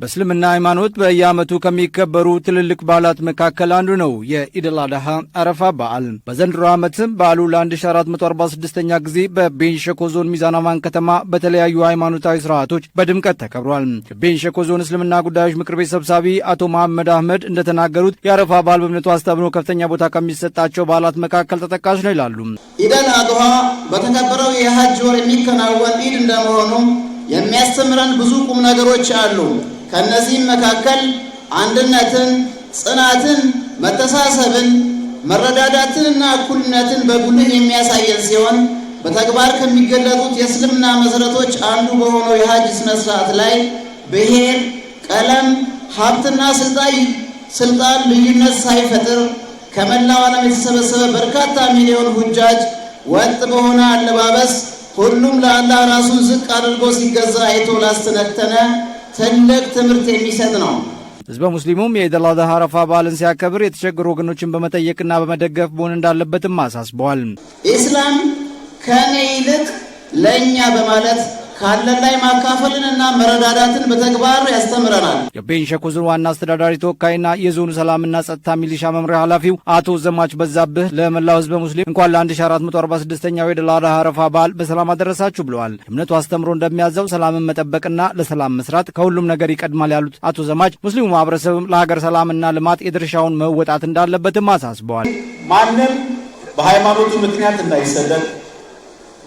በእስልምና ሃይማኖት በየዓመቱ ከሚከበሩ ትልልቅ በዓላት መካከል አንዱ ነው የኢደል አድሃ አረፋ በዓል። በዘንድሮ ዓመትም በዓሉ ለ1446ኛ ጊዜ በቤንሸኮ ዞን ሚዛን አማን ከተማ በተለያዩ ሃይማኖታዊ ስርዓቶች በድምቀት ተከብሯል። የቤንሸኮ ዞን እስልምና ጉዳዮች ምክር ቤት ሰብሳቢ አቶ መሐመድ አህመድ እንደተናገሩት የአረፋ በዓል በእምነቱ አስተምሮ ከፍተኛ ቦታ ከሚሰጣቸው በዓላት መካከል ተጠቃሽ ነው ይላሉ። ኢደል አድሃ በተከበረው የሀጅ ወር የሚከናወን ኢድ እንደመሆኑ የሚያስተምረን ብዙ ቁም ነገሮች አሉ። ከእነዚህም መካከል አንድነትን፣ ጽናትን፣ መተሳሰብን፣ መረዳዳትንና እኩልነትን በጉልህ የሚያሳየን ሲሆን በተግባር ከሚገለጡት የእስልምና መሰረቶች አንዱ በሆነው የሀጅ ስነ ስርዓት ላይ ብሔር፣ ቀለም፣ ሀብትና ስልጣን ልዩነት ሳይፈጥር ከመላው ዓለም የተሰበሰበ በርካታ ሚሊዮን ሁጃጅ ወጥ በሆነ አለባበስ ሁሉም ለአላህ ራሱን ዝቅ አድርጎ ሲገዛ አይቶ ላስተነተነ ትልቅ ትምህርት የሚሰጥ ነው። ህዝበ ሙስሊሙም የኢድ አል አድሃ አረፋ በዓልን ሲያከብር የተቸገሩ ወገኖችን በመጠየቅና በመደገፍ መሆን እንዳለበትም አሳስበዋል። ኢስላም ከኔ ይልቅ ለእኛ በማለት ካለን ላይ ማካፈልንና መረዳዳትን በተግባር ያስተምረናል። የቤንች ሸኮ ዞን ዋና አስተዳዳሪ ተወካይና የዞኑ ሰላምና ጸጥታ ሚሊሻ መምሪያ ኃላፊው አቶ ዘማች በዛብህ ለመላው ህዝበ ሙስሊም እንኳን ለ1446ኛው የድል አድሃ አረፋ በዓል በሰላም አደረሳችሁ ብለዋል። እምነቱ አስተምሮ እንደሚያዘው ሰላምን መጠበቅና ለሰላም መስራት ከሁሉም ነገር ይቀድማል ያሉት አቶ ዘማች ሙስሊሙ ማህበረሰብም ለሀገር ሰላምና ልማት የድርሻውን መወጣት እንዳለበትም አሳስበዋል። ማንም በሃይማኖቱ ምክንያት እንዳይሰደድ፣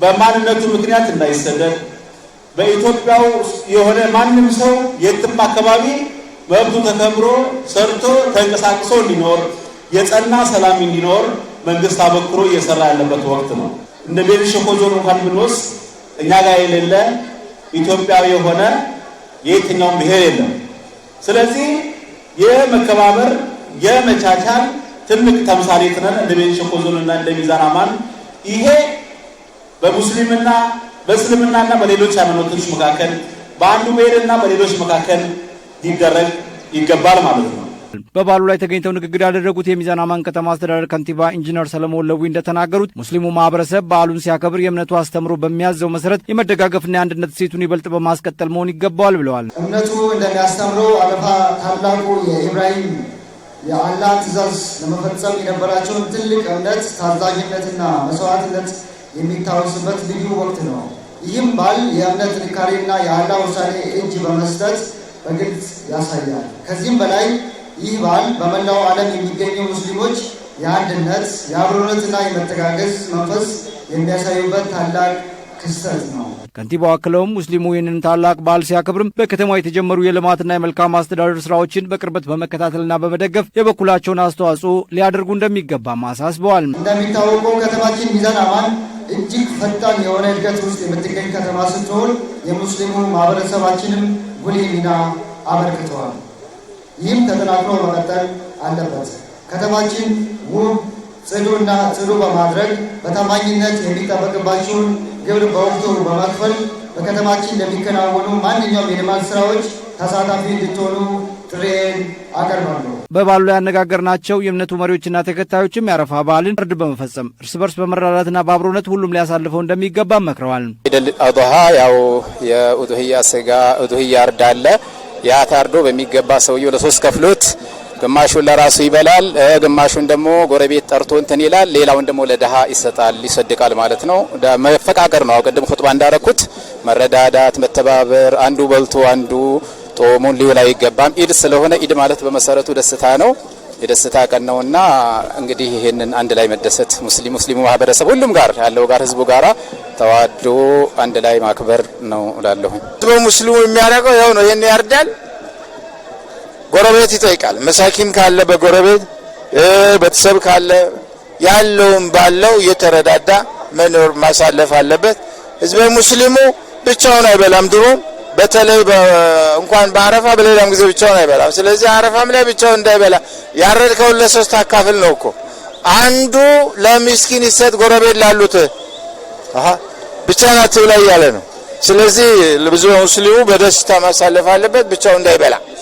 በማንነቱ ምክንያት እንዳይሰደድ በኢትዮጵያ ውስጥ የሆነ ማንም ሰው የትም አካባቢ መብቱ ተከብሮ ሰርቶ ተንቀሳቅሶ እንዲኖር የጸና ሰላም እንዲኖር መንግስት አበክሮ እየሰራ ያለበት ወቅት ነው። እንደ ቤተ ሸኮ ዞን እንኳን ብንወስ እኛ ጋር የሌለ ኢትዮጵያዊ የሆነ የየትኛውም ብሔር የለም። ስለዚህ የመከባበር የመቻቻል ትልቅ ተምሳሌት ነን እንደ ቤተ ሸኮ እንደ ሚዛን አማን። ይሄ በሙስሊምና በእስልምናና በሌሎች ሃይማኖቶች መካከል በአንዱ ብሔርና በሌሎች መካከል ሊደረግ ይገባል ማለት ነው። በባሉ ላይ ተገኝተው ንግግር ያደረጉት የሚዛን አማን ከተማ አስተዳደር ከንቲባ ኢንጂነር ሰለሞን ለዊ እንደተናገሩት ሙስሊሙ ማህበረሰብ በዓሉን ሲያከብር የእምነቱ አስተምሮ በሚያዘው መሰረት የመደጋገፍና የአንድነት ሴቱን ይበልጥ በማስቀጠል መሆን ይገባዋል ብለዋል። እምነቱ እንደሚያስተምረው አለፋ ታላቁ የኢብራሂም የአላህ ትእዛዝ ለመፈጸም የነበራቸውን ትልቅ እምነት ታዛዥነትና መስዋዕትነት የሚታወስበት ልዩ ወቅት ነው። ይህም ባል የእምነት ጥንካሬና የአላ ውሳኔ እጅ በመስጠት በግልጽ ያሳያል። ከዚህም በላይ ይህ ባል በመላው ዓለም የሚገኙ ሙስሊሞች የአንድነት የአብሮነትና የመተጋገዝ መንፈስ የሚያሳዩበት ታላቅ ክስተት ነው። ከንቲባው አክለውም ሙስሊሙ ይህንን ታላቅ በዓል ሲያከብርም በከተማ የተጀመሩ የልማትና የመልካም አስተዳደር ስራዎችን በቅርበት በመከታተልና በመደገፍ የበኩላቸውን አስተዋጽኦ ሊያደርጉ እንደሚገባም አሳስበዋል። እንደሚታወቀው ከተማችን ሚዛን አማን እጅግ ፈጣን የሆነ እድገት ውስጥ የምትገኝ ከተማ ስትሆን የሙስሊሙ ማህበረሰባችንም ጉልህ ሚና አበርክተዋል። ይህም ተጠናክሮ መቀጠል አለበት። ከተማችን ውብ፣ ጽዱና ጽዱ በማድረግ በታማኝነት የሚጠበቅባቸውን ግብር በወቅቱ በመክፈል በከተማችን ለሚከናወኑ ማንኛውም የልማት ስራዎች ተሳታፊ እንድትሆኑ ጥሬን አቀርባለሁ። በበዓሉ ላይ ያነጋገርናቸው የእምነቱ መሪዎችና ተከታዮችም የአረፋ በዓልን እርድ በመፈጸም እርስ በርስ በመረዳዳትና በአብሮነት ሁሉም ሊያሳልፈው እንደሚገባ መክረዋል። ኢደል አድሃ ያው የኡዱህያ ስጋ ኡዱህያ እርድ አለ። ያ ታርዶ በሚገባ ሰውየው ለሶስት ከፍሎት ግማሹን ለራሱ ይበላል፣ ግማሹን ደግሞ ጎረቤት ጠርቶ እንትን ይላል፣ ሌላውን ደግሞ ለድሃ ይሰጣል፣ ይሰድቃል ማለት ነው። መፈቃቀር ነው። ቅድም ኹጥባ እንዳረኩት መረዳዳት፣ መተባበር፣ አንዱ በልቶ አንዱ ጦሙን ሊውል አይገባም። ኢድ ስለሆነ ኢድ ማለት በመሰረቱ ደስታ ነው። የደስታ ቀን ነውና እንግዲህ ይህንን አንድ ላይ መደሰት ሙስሊም ሙስሊሙ ማህበረሰብ ሁሉም ጋር ያለው ጋር ህዝቡ ጋራ ተዋዶ አንድ ላይ ማክበር ነው እላለሁኝ። ሙስሊሙ የሚያደርገው ያው ነው። ይህን ያርዳል፣ ጎረቤት ይጠይቃል። መሳኪን ካለ በጎረቤት ቤተሰብ ካለ ያለውን ባለው እየተረዳዳ መኖር ማሳለፍ አለበት። ህዝበ ሙስሊሙ ብቻውን አይበላም ድሮም በተለይ እንኳን በአረፋ በሌላም ጊዜ ብቻውን አይበላም። ስለዚህ አረፋም ላይ ብቻውን እንዳይበላ ያረድከውን ለሶስት አካፍል ነው እኮ አንዱ ለሚስኪን ይሰጥ፣ ጎረቤት ላሉት ብቻህን አትብላ እያለ ነው። ስለዚህ ብዙ ሙስሊሙ በደስታ ማሳለፍ አለበት ብቻው እንዳይበላ።